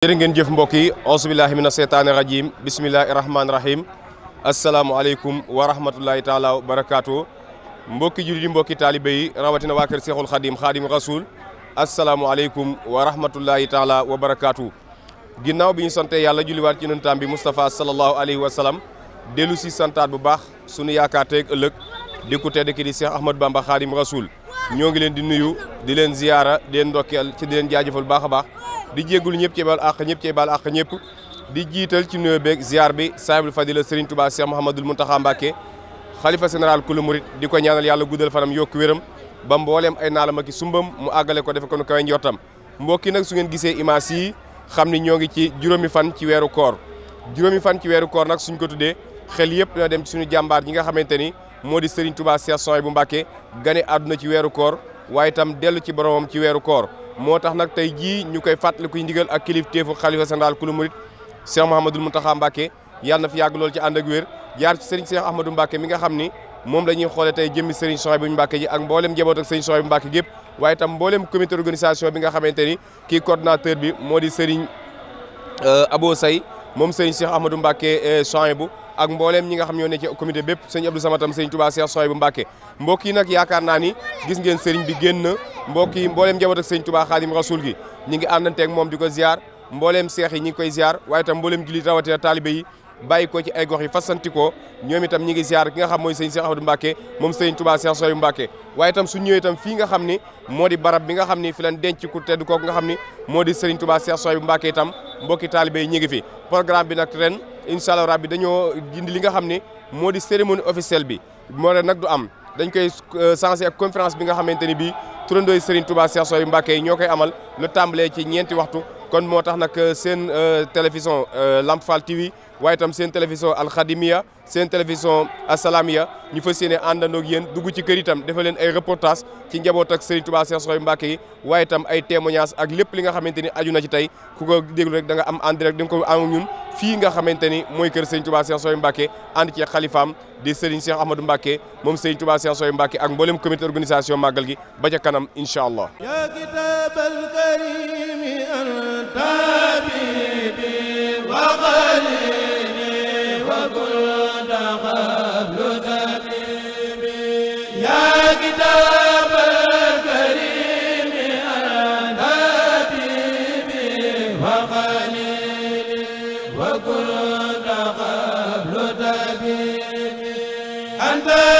jërë jëf mbokk yi auzubillahi mina seytaani rajim bisimillahi rahmaani rahim asalaamualeykum wa rahmatullahi taala wa barakaatu mbokki jullit yi mbokki taalibe yi rawatina waa kër Seexul Xadim Xadim Rasul asalaamualeykum wa rahmatullahi taala wa ginnaaw bi ñu santee yàlla julliwaat ci yonentam bi Moustapha sallallahu alayhi wa sallam dellu si santaat bu baax sunu yaakaar teeg ëllëg di ku tedd ki di Seex Ahmad Bamba Xadim Rasul ñoo ngi leen di nuyu di leen ziyaara di leen ci di leen jaajëfal baax a baax di jéggul ñëpp cee baal àq ñëpp cee baal àq ñëpp di jiital ci nuyoo beeg ziar bi saahibul fadila Serigne Touba Cheikh Mouhamadoul Mountakha Mbacké xalifa général kulu murit di ko ñaanal yàlla guddal fanam yokku wéram ba mbooleem ay naalam ak i sumbam mu àggale ko defe ko nu kawe njottam mbokk yi nag su gisee image yi xam ni ñoo ngi ci juróomi fan ci weeru koor juróomi fan ci weeru koor nag suñ ko tuddee xel yëpp dina dem ci suñu jàmbaar ji nga xamante ni moo di Serigne Touba Cheikh Souhaïbou Mbacké gane àdduna ci weeru koor waaye itam dellu ci boromam ci weeru koor moo tax nag tey jii ñu koy fàttaliku ndigal ak kilifteefu xalifa général kulu murit Cheikh Mouhamadul Mountakha mu yàlla na fi yàgg lool ci ànd ak wér jaar ci sëriñ Cheikh mi nga xam ni moom la ñuy xoolee tey jëmmi sëriñ Souhaïbou Mbacké ji ak mboolem njaboot ak sëriñ Souhaïbou Mbacké gépp waaye itam mboolem comité d'organisation bi nga xamante ni kii coordonnateur bi moo di sëriñ euh, Abo Say moom sëriñ Cheikh Ahmadou Mbacké euh, bu ak mbooleem ñi nga xam ñoo ne ci comité bépp sëñ Abdou Samad tam sëñ Touba Cheikh Souhaïbou Mbacké mbokk yi bi génn mbokk yi mbooleem njaboot ak sëñ Touba Xaadim Rasul gi ñi ngi àndanteeg moom di ko ziar mbooleem seex yi ñi ngi koy ziar waaye tam mbooleem jullit rawatina taalibe yi bàyyi ko ci ay gox yi ñoom itam ñi ngi ziar ki nga xam mooy sëñ Cheikh Abdou moom sëñ Touba Cheikh Souhaïbou Mbacké waaye itam su ñëwee fii nga xam ni moo di barab bi nga xam ni fi lan denc ku tedd kooku nga ni moo di sëriñ Touba Cheikh Souhaïbou Mbacké itam mbokki taalibe yi ñi ngi fi programme bi nag ren incha allah bi dañoo dindi li nga xam ni moo di cérémonie officielle bi moo ne nag du am dañ koy sensé euh, ak conférence bi nga xamante ni bii turandooy Serigne Touba Cheikh Souhaïbou Mbacké yi ñoo koy amal lu tàmbalee ci ñeenti waxtu kon moo tax nag euh, seen euh, télévision Lamp Fall waaye itam seen télévision alxadimiya seen télévision asalaamiya ñu fas yéene àndandoo yéen dugg ci kër itam leen ay reportage ci njaboot ak Serigne Touba Cheikh yi waaye itam ay témoignage ak lépp li nga xamante ni aju na ci tey ku ko déglu rek da nga am en direct di ko am ñun fii nga xamante ni mooy kër Serigne Touba Cheikh Sooy Mbacke ànd ci xalifaam di Serigne Cheikh Ahmadou Mbacke moom Serigne Touba Cheikh Sooy Mbacke ak mboolem comité organisation màggal gi ba ca kanam incha allah. la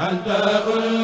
anta